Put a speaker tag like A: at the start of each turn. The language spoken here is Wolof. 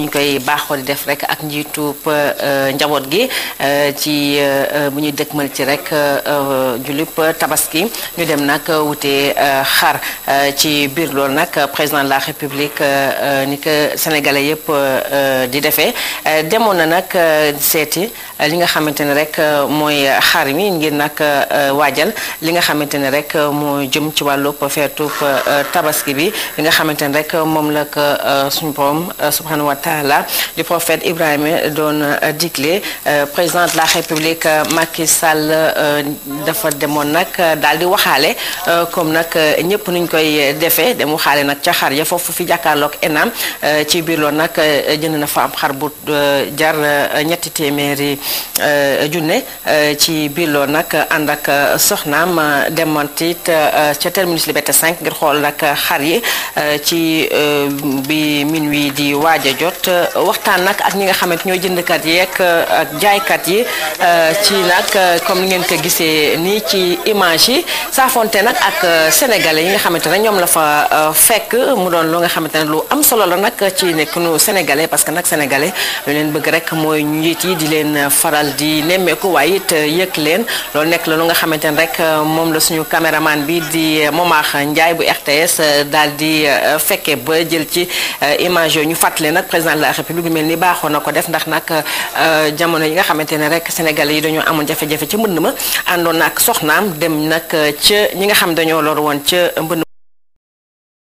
A: ñu koy baaxoo di def rek ak njiitub euh, njaboot gi
B: euh, ci euh, bu ñuy dëkkmal ci rek julub tabaski ñu dem nag wutee xar ci biir loolu nag président de la république ni ko sénégalais yëpp di defee demoon na nag seeti li nga xamante ne rek mooy xar mi ngir nag waajal li nga xamante ne rek moo jëm ci wàllub feetub tabaski bi li moom la ko suñu borom taala le prophète Don doon euh, digle euh, président de la république euh, Macky Sall dafa demoon Monac d'Aldi di comme nak ñëpp nuñ koy defee dem waxaale nag ca ya foofu fi jàkkaarloog enam ci biir loolu nag jënd na fa am xar bu jar ñetti téeméeri junne ci biir nak andak soxnam ak soxnaam terminus Liberté 5 ngir xol nak xar yi ci bi minuit di wajjo jot euh, waxtaan nag ak ñi nga xamante ñooy jëndkat yeeg euh, ak jaaykat yi euh, ci nag comme ni ngeen ko gisee nii ci image yi saafonte nag ak sénégale yi nga xamante ne ñoom la fa fekk mu doon lu nga xamante ne lu am solo la nag ci nekk nu sénégalais parce que nag sénégalais lu leen bëgg rek mooy njiit yi di leen faral di nemmeeku waaye it yëg leen loolu nekk la lu nga xamante ne rek moom la suñu caméraman bi di Momar njaay bu RTS daal di fekkee ba jël ci image yooyu ñu fàttali président de la république lu mel ni baaxoo ko def ndax nag euh, jamono yi nga xamante ne rek sénégalais yi dañoo amoon jafe-jafe ca mbënd ma àndoon na ak soxnaam dem nag euh, ca ñi
A: nga xam dañoo lor woon ca mbënd